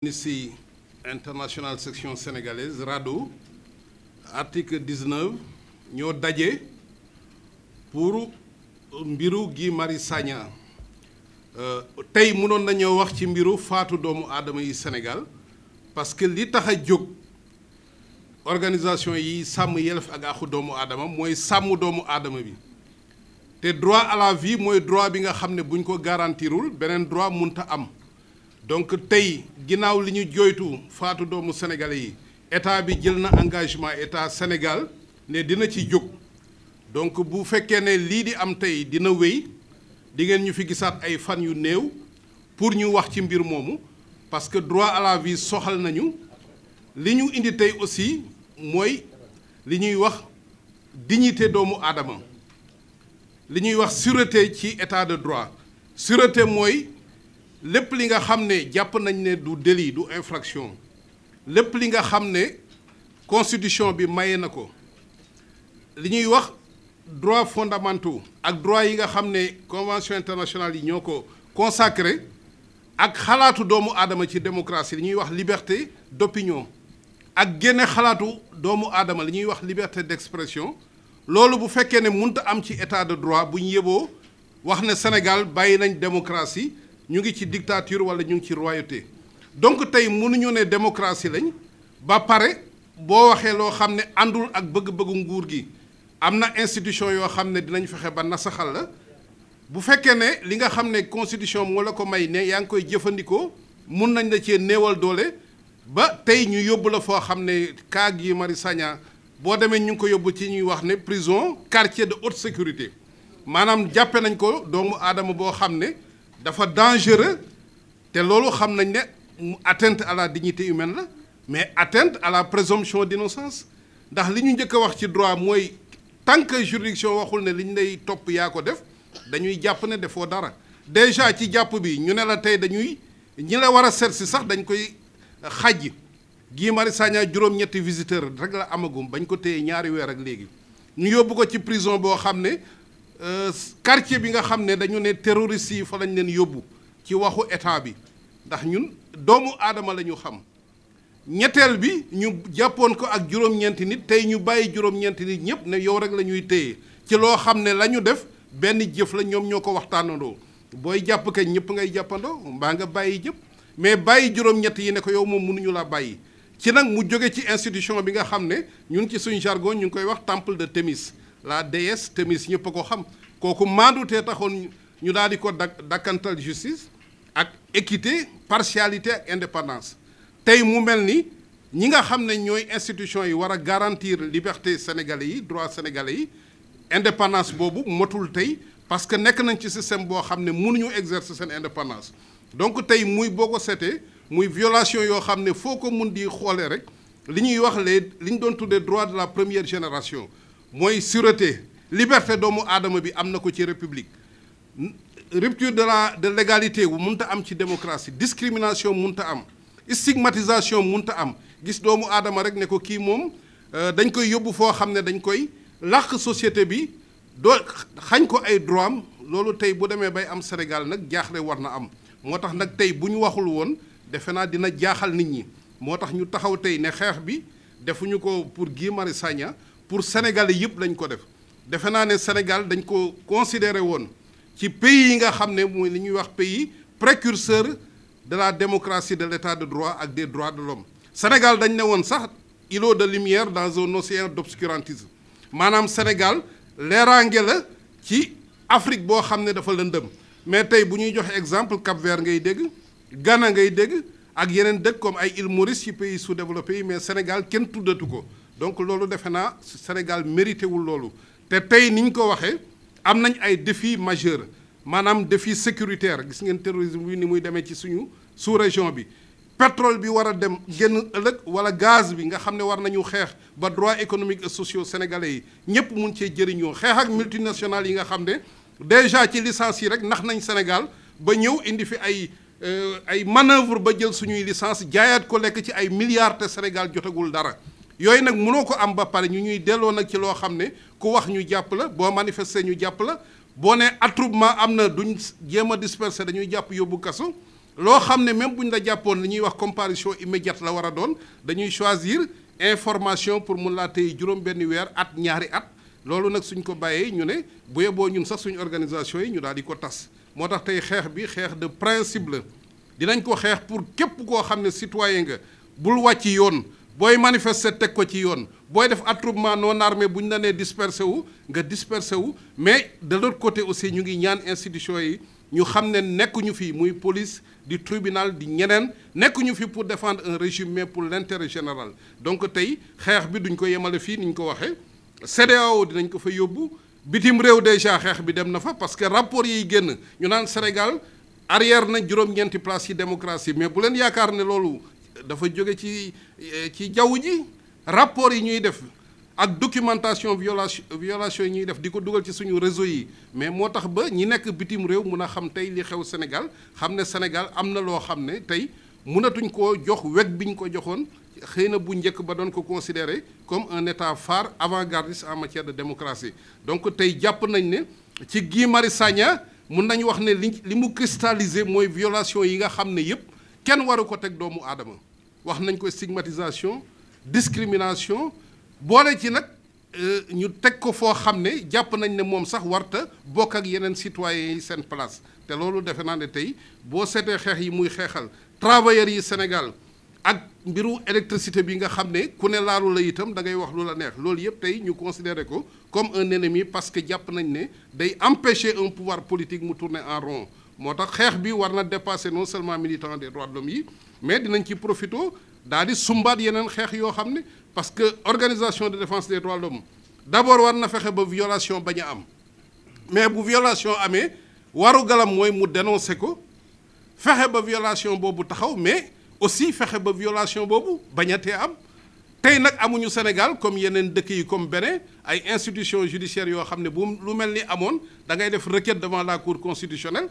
Amnesty International section sénégalaise RADDHO article ñoo daje pour mbiru Guy Marius Sagna Euh, tey mënoon nañoo wax ci mbiru faatu doomu aadama yi Sénégal parce que li tax a jóg organisation yiy sàmm yelef ak àqu doomu aadama mooy sàmm doomu aadama bi te droit à la vie mooy droit bi nga xam ne buñ ko garantirul beneen droit munta am donc tey ginnaaw li ñu joytu faatu doomu sénégalais yi état bi jël na engagement état Sénégal ne dina ci jóg donc bu fekkee ne lii di am tey dina wéy di ngeen ñu fi gisaat ay fan yu néew pour ñu wax ci mbir moomu parce que droit à la soxal nañu li ñu indi tey aussi mooy li ñuy wax dignité doomu aadama li ñuy wax sûreté ci état de droit sûreté mooy lépp li nga xam ne jàpp nañ ne du délit du infraction lépp li nga xam ne constitution bi maye na ko li ñuy wax droits fondamentaux ak droits yi nga xam ne convention internationale yi ñoo ko consacré ak xalaatu doomu aadama ci démocratie li ñuy wax liberté d'opinion ak génne xalaatu doomu aadama li ñuy wax liberté d'expression loolu bu fekkee ne mënta am ci état de droit bu ñu yeboo wax ne Sénégal bàyyi nañ démocratie ñu ngi ci dictature wala ñu ngi ci royauté donc tey mënuñu ne démocratie lañ ba pare boo waxee loo xam ne àndul ak bëgg-bëggu nguur gi am na institution yoo xam ne dinañ fexe ba nasaxal la bu fekkee ne li nga xam ne constitution moo la ko may ne yaa ngi koy jëfandikoo mun nañ la ci néewal doole ba tey ñu yóbbu la foo xam ne cas Guy Marius Sagna boo demee ñu ngi ko yóbbu ci ñuy wax ne prison quartier de haute sécurité maanaam jàppe nañ ko doomu aadama boo xam ne dafa dangereux te loolu xam nañ ne mu atteinte à la dignité humaine la mais atteinte à la présomption d'innocence ndax li ñu njëkk a wax ci droit mooy tant que juridiction waxul ne li ñu lay topp yaa ko def dañuy jàpp ne defoo dara déjà ci jàpp bi ñu ne la tey dañuy ñi la war a seet si sax dañ koy xàjj Guy Marius Sagna juróom-ñetti visiteur rek la amagum bañ ko teyee ñaari weer ak léegi ñu yóbbu ko ci prison boo xam ne euh, quartier bi nga xam ne dañu ne terroriste yi fa lañ leen yóbbu ci waxu état bi ndax ñun doomu aadama la ñu xam ñetteel bi ñu jàppoon ko ak juróom-ñeenti nit tey ñu bàyyi juróom-ñeenti nit ñëpp ne yow rek la ñuy téye ci loo xam ne la ñu def benn jëf la ñoom ñoo ko waxtaanandoo booy jàpp kañ ñëpp ngay jàppandoo mbaa nga bàyyi jëpp mais bàyyi juróom-ñett yi ne ko yow moom mënuñu laa bàyyi ci nag mu jóge ci institution bi nga xam ne ñun ci suñu jargon ñu ngi koy wax temple de temis la déesse Thémis ñëpp a ko xam kooku maandutee taxoon ñu daal di ko dakkantal justice ak équité partialité indépendance tey mu mel ni ñi nga xam ne ñooy institution yi war a garantir liberté sénégalais yi droit sénégalais yi indépendance boobu motul tey parce que nekk nañ ci système boo xam ne mënuñu exercer seen indépendance donc tey muy boo ko seetee muy violation yoo xam ne foo ko mun di xoolee rek li ñuy wax les li ñu doon tuddee droit de la première génération mooy sûreté liberté doomu aadama bi am na ko ci république rupture de la de l'égalité bu mënta am ci démocratie discrimination mënta am stigmatisation munta am gis doomu aadama rek ne ko kii moom euh, dañ koy yóbbu foo xam ne dañ koy làq société bi doo xañ ko ay droit loolu tey bu demee bay am Sénégal nag jaaxle war na am moo tax nag tey bu ñu waxul woon defe naa dina jaaxal nit ñi moo tax ñu taxaw tey ne xeex bi defuñu ko pour Guy Marius Sagna pour sénégalais yëpp lañ ko def defe naa ne Sénégal dañ ko considéré woon ci pays yi nga xam ne mooy li ñuy wax pays précurseur de la démocratie de l'état de droit ak des droits de l'homme Sénégal dañ ne woon sax îlot de lumière dans un océan d'obscurantisme maanaam Sénégal leeraange la ci Afrique boo xam ne dafa lëndëm mais tey bu ñuy joxee exemple Cap-Vert ngay dégg Ghana ngay dégg ak yeneen dëkk comme ay îles Maurice ci pays sous-développés yi mais Sénégal kenn tuddatu ko donc loolu defe naa Sénégal mérité wul loolu te tey ni ñu ko waxee am nañ ay défis majeurs maanaam défi sécuritaire gis ngeen terrorisme bi ni muy demee ci suñu sous région bi pétrole bi war a dem génn ëllëg wala gaz bi nga xam ne war nañu xeex ba droit économique et sociaux sénégalais yi ñëpp mun cee jëriñoo xeex ak multinationales yi nga xam ne déjà ci licence yi rek ndax nañ Sénégal ba ñëw indi fi ay euh, ay manœuvre ba jël suñuy licence jaayaat ko lekk ci ay milliards te Sénégal jotagul dara yooyu nag munoo ko am ba pare ñu ñuy delloo nag ci loo xam ne ku wax ñu jàpp boo manifester ñu jàpp boo nee attroupement am na duñ jéem a disperser dañuy jàpp yóbbu kaso loo xam ne même buñ la jàppoon li ñuy wax comparution immédiate la war a doon dañuy choisir information pour mun laa tey juróom-benn weer at ñaari at loolu nag suñ ko bàyyee ñu ne bu boo ñun sax suñu organisation yi ñu daal di ko tas moo tax tey xeex bi xeex de principe la dinañ ko xeex pour képp koo xam ne citoyen nga bul wàcc yoon. booy manifester teg ko ci yoon booy def attroupement non armé bu ñu la nee dispersé wu nga dispersé wu mais de l'autre côté aussi ñu ngi ñaan institution yi ñu xam ne nekkuñu fi muy police di tribunal di ñeneen nekkuñu fi pour défendre un régime mais pour l'intérêt général donc tey xeex bi duñ ko yemale fii ni ñu ko waxee CEDEAO dinañ ko fa yóbbu bitim réew déjà xeex bi dem na fa parce que rapport yiy génn ñu naan Sénégal arrière na juróom-ñeenti place yi démocratie mais bu leen yaakaar ne loolu dafa jóge ci eh, ci jaww ji rapport yi ñuy def ak documentation violation yi ñuy def di ko dugal ci suñu réseau yi mais moo tax ba ñi nekk bitim réew mun a xam tey li xew Sénégal xam ne Sénégal am na loo xam ne tey mënatuñ koo jox weg bi ñu ko joxoon xëy na bu njëkk ba doon ko considéré comme un état phare avant-gardiste en matière de démocratie donc tey jàpp nañ ne ci Guy Marius mun nañ wax ne li li mu cristalliser mooy violation yi nga xam ne yëpp kenn waru ko teg doomu aadama wax nañ ko stigmatisation discrimination boole ci nag euh, ñu teg ko foo xam ne jàpp nañ ne moom sax warta bokk ak yeneen citoyens yi seen place te loolu defe naa ne tey boo seetee xeex yi muy xeexal travailleurs yi Sénégal ak mbiru électricité bi nga xam ne ku ne laalu la itam da ngay wax lu la neex loolu yëpp tey ñu considérer ko comme un ennemi parce que jàpp nañ ne day empêcher un pouvoir politique mu tourner en rond moo tax xeex bi war na dépasser non seulement militant des droits de l'homme yi mais dinañ ci profito daal di sumbaat yeneen xeex yoo xam ne parce que organisation de défense des droits de l'homme d'abord war na fexe ba violation bañ a am mais bu violation amee waru galam mooy mu dénoncer ko fexe ba violation boobu taxaw mais aussi fexe ba violation boobu bañ a tee am tey nag amuñu Sénégal comme yeneen dëkk yi comme Bénin ay institutions judiciaires yoo xam ne bu lu mel ni amoon da ngay def requête devant la cour constitutionnelle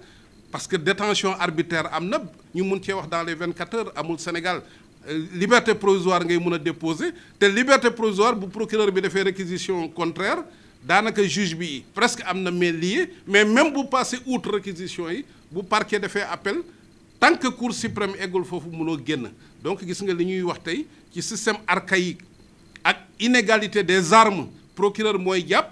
parce que détention arbitraire am na ñu mun cee wax dans les 24 heures amul Sénégal euh, liberté provisoire ngay mun a déposer te liberté provisoire bu procureur bi defee réquisition contraire daanaka juge bi presque am na mais lié mais même bu passé outre réquisition yi bu parquet defee appel tant que cour suprême eggul foofu mënoo génn donc gis nga li ñuy wax tey ci système archaïque ak inégalité des armes procureur mooy jàpp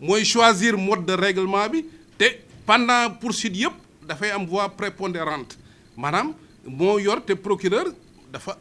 mooy choisir mode de règlement bi te pendant poursuite yëpp dafay am voix prépondérante maanaam moo yor te procureur dafa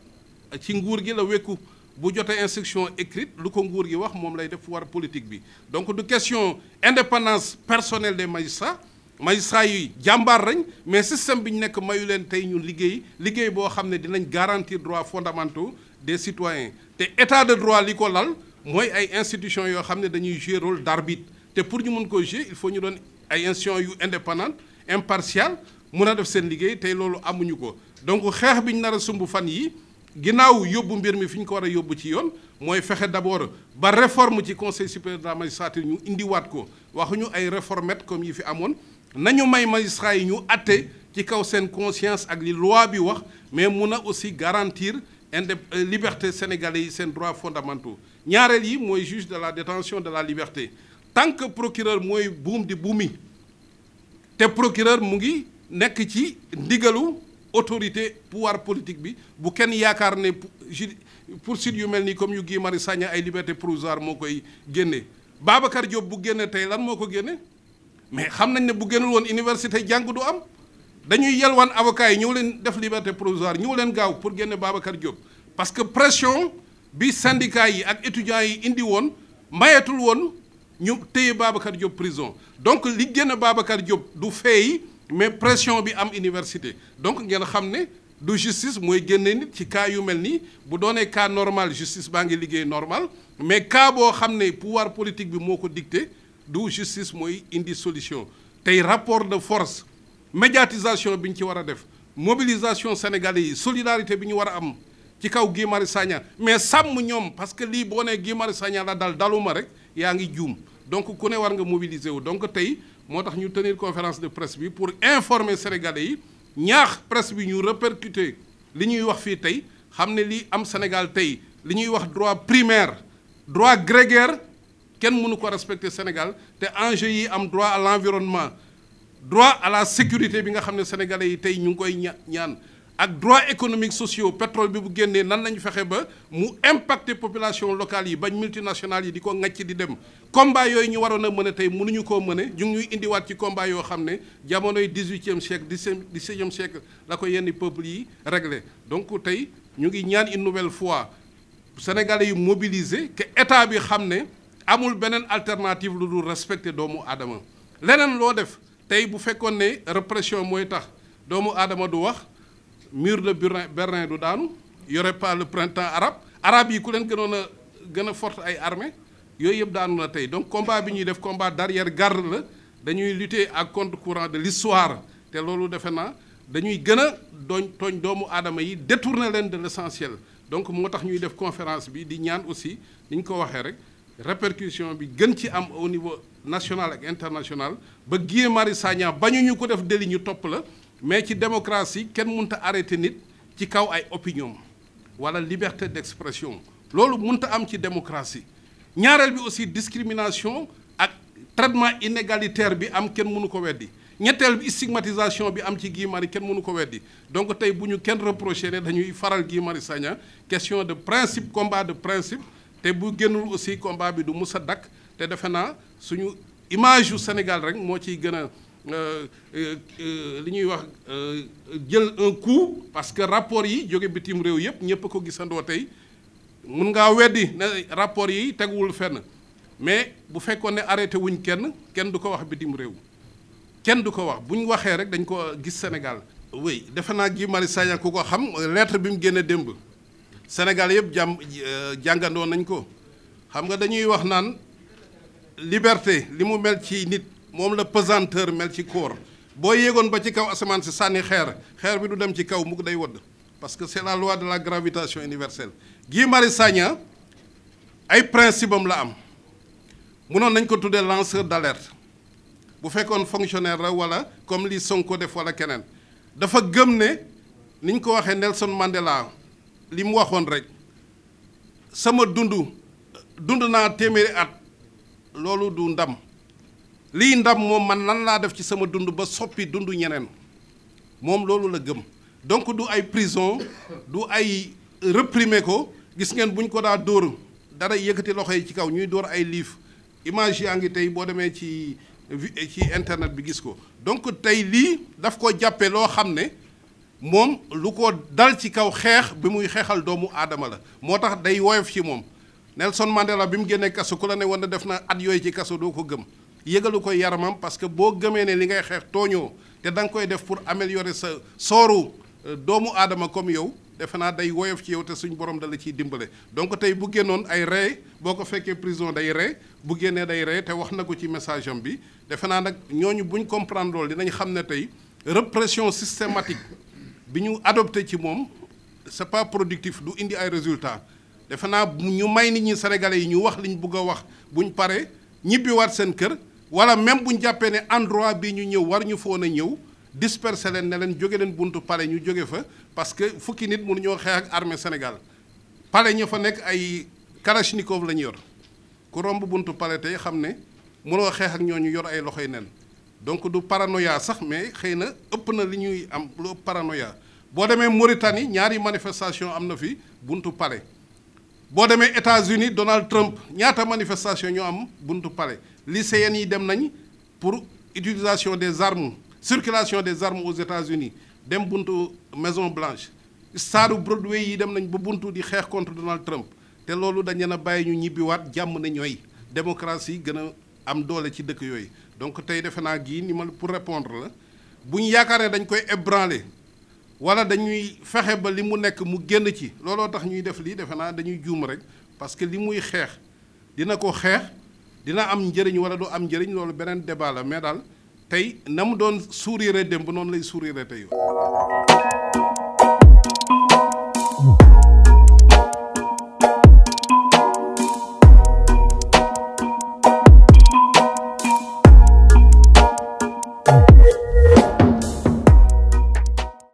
ci nguur gi la wekku bu jotee instruction écrite lu ko nguur gi wax moom lay def war politique bi donc du question indépendance personnelle des magistrats magistrats yi jàmbaar reñ mais système bi ñu nekk mayu leen tey ñu liggéey liggéey boo xam ne dinañ garantir droits fondamentaux des citoyens te état de droit li ko lal mooy ay institutions yoo xam ne dañuy jouer rôle d'arbitre te pour ñu mën ko jouer il faut ñu doon ay institutions yu indépendantes impartial mun a def seen liggéey tey loolu amuñu ko donc xeex bi ñu nar a sumb fan yi ginnaaw yóbbu mbir mi fi ñu ko war a yóbbu ci yoon mooy fexe d'abord ba réforme ci conseil supérieur de la magistrature ñu indiwaat ko waxuñu ay réformettes comme yi fi amoon nañu may magistrats yi ñu atte ci kaw seen conscience ak li bi wax mais mun a aussi garantir indép euh, liberté sénégalais yi seen droits fondamentaux ñaareel yi mooy juge de la détention de la liberté tant que procureur mooy buum di buumi te procureur mu ngi nekk ci ndigalu autorité pouvoir politique bi bu kenn yaakaar ne pour poursuite yu mel nii comme yu Guy mari Sagna ay liberté provisoire moo koy génne Babacar jóob bu génne tey lan moo ko génne mais xam nañ ne bu génnul woon université jàng du am dañuy yelwaan avocat yi ñëw leen def liberté provisoire ñëw leen gaaw pour génne Babacar Diop parce que pression bi syndicat yi ak étudiants yi indi woon mayeetul woon ñu téye Babacar Diop prison donc li gën a Babacar Diop du feey mais pression bi am université donc ngeen xam ne du justice mooy génne nit ci cas yu mel nii bu doonee cas normal justice baa ngi liggéey normal mais cas boo xam ne pouvoir politique bi moo ko dicté du justice mooy indi solution tey rapport de force médiatisation bi ñu ci war a def mobilisation sénégalais yi solidarité bi ñu war a am ci kaw Guy Marius mais sàmm ñoom parce que lii boo nee Guy Marius Sagna la dal daluma rek yaa ngi juum donc ku ne war nga mobiliser wu donc tey moo tax ñu tenir conférence de presse bi pour informer sénégalais yi ñaax presse bi ñu répercuter li ñuy wax fii tey xam ne lii am Sénégal tey li ñuy wax droit primaire droit grégaire kenn mënu ko respecter Sénégal te enjeu yi am droit à l'environnement droit à la sécurité bi nga xam ne sénégalais yi tey ñu ngi koy ñaan ak droit économique sociaux pétrole bi bu génnee nan lañu fexe ba mu impacter population locale yi bañ multinationales yi di ko ŋàcc di dem combat yooyu ñu waroon a mën a tey mënuñu koo mëne ñu ngi indiwaat ci combat yoo xam ne jamonoy dix-huitième siècle dix-septième siècle la ko yenn peuples yi réglé donc tey ñu ngi ñaan une nouvelle fois sénégalais yi mobiliser que état bi xam ne amul beneen alternative lu dul respecter doomu aadama leneen loo def tey bu fekkoon ne répression mooy tax doomu aadama du wax mur le Berlin Berlin du daanu yore pas le printemps arabe arabe yi ku leen gënoon a gën a forte ay armée yooyu yëpp daanu na tey donc combat bi ñuy def combat d'arrière-garde la dañuy lutter ak contre-courant de l'histoire te loolu defe naa dañuy gën a doñ tooñ doomu aadama yi détourner leen de l'essentiel donc moo tax ñuy def conférence bi di ñaan aussi ni ko waxee rek répercussion bi gën ci am au niveau national ak international ba Guy Marius bañu ñu ko def délit topp la mais ci démocratie kenn mënta arrêté nit ci kaw ay opinion wala liberté d'expression loolu mënta am ci démocratie ñaareel bi aussi discrimination ak traitement inégalitaire bi am kenn mënu ko weddi ñetteel bi stigmatisation bi am ci Guy Marius kenn mënu ko weddi donc tey bu ñu kenn reproché ne dañuy faral Guy Marius Sagna question de principe combat de principe te bu génnul aussi combat bi du mus a dakk te defe naa suñu image yu Sénégal rek moo ciy gën a Euh, euh, euh, li ñuy wax jël un coup parce que rapport yi jóge bitim réew yëpp ñëpp ko gisandoo tey mun ngaa weddi ne rapport yi teguwul fenn mais bu fekkoon ne arrêté wuñ kenn kenn du ko wax bitim réew kenn du ko wax bu ñu waxee rek dañ ko gis Sénégal. oui defe naa Guy Marius Sagna ku ko xam lettre bi mu génne démb Sénégal yëpp jàmm jàngandoo nañ ko xam nga dañuy wax naan liberté li mu mel ci nit. moom la pesanteur mel ci koor boo yéegoon ba ci kaw asamaan si sànni xeer xeer bi du dem ci kaw mu day wadd parce que c'est la loi de la gravitation universelle Guy Marius Sagna ay principam la am mënoon nañ ko tuddee lanceur d'alerte bu fekkoon fonctionnaire la wala comme li Sonko def wala keneen dafa gëm ne niñ ko waxee Nelson Mandela li mu waxoon rek sama dund dund naa téeméeri at loolu du ndam lii ndam moom man lan laa def ci sama dund ba soppi dund ñeneen moom loolu la gëm donc du ay prison du ay réprimer ko gis ngeen bu ñu ko daa dóor dara yëkkati loxo yi ci kaw ñuy dóor ay liif image yaa ngi tey boo demee ci ci internet bi gis ko donc tey lii daf ko jàppe loo xam ne moom lu ko dal ci kaw xeex bi muy xeexal doomu aadama la moo tax day woyof ci moom Nelson Mandela bi mu génnee kaso ku la ne woon na def na at yooyu ci kaso doo ko gëm yëgalu ko yaramam parce que boo gëmee ne li ngay xeex tooñoo te danga koy def pour améliorer sa sooru euh, doomu aadama comme yow defe naa day woyof ci yow te suñ borom dala ciy dimbale donc tey bu génnoon ay ree boo ko fekkee prison day ree bu génnee day ree te wax na ko ci message bi defe naa nag ñooñu buñ comprendre loolu dinañ xam ne tey répression systématique bi ñu adopté ci moom c'est pas productif du indi ay résultat defe naa ñu may nit ñi sénégalais yi ñu wax liñ bugg a wax buñ paree ñibbiwaat seen kër wala même bu ñu jàppee ne endroit bi ñu ñëw war ñu foon a ñëw disperser leen ne leen jóge leen buntu pale ñu jóge fa parce que fukki nit mu nu ñoo xeex ak armée senegal pale ña fa nekk ay kalachnikov la ñu yor ku romb buntu pale tey xam ne mënoo xeex ak ñoo ñu yor ay loxoy nen donc du paranoya sax mais xëy na ëpp na li ñuy am lu ëpp paranoïa boo demee Mauritanie ñaari manifestation am na fi buntu pale boo demee États-Unis Donald Trump ñaata manifestation ñoo am buntu palais lycéennes yi dem nañ pour utilisation des armes circulation des armes aux États-Unis dem buntu Maison Blanche stade Broadway yi dem nañ ba buntu di xeex contre Donald Trump te loolu dañ leen a bàyyi ñu ñibbiwaat jàmm na ñooy démocratie gën a am doole ci dëkk yooyu donc tey defe naa gii ni ma pour répondre la bu ñu yaakaar ne dañ koy ébranler wala dañuy fexe ba li mu nekk mu génn ci looloo tax ñuy def lii defe naa dañuy juum rek parce que li muy xeex dina ko xeex dina am njëriñ wala doo am njëriñ loolu beneen débat la mais daal tey na mu doon dem démb noonu lay sourire tey.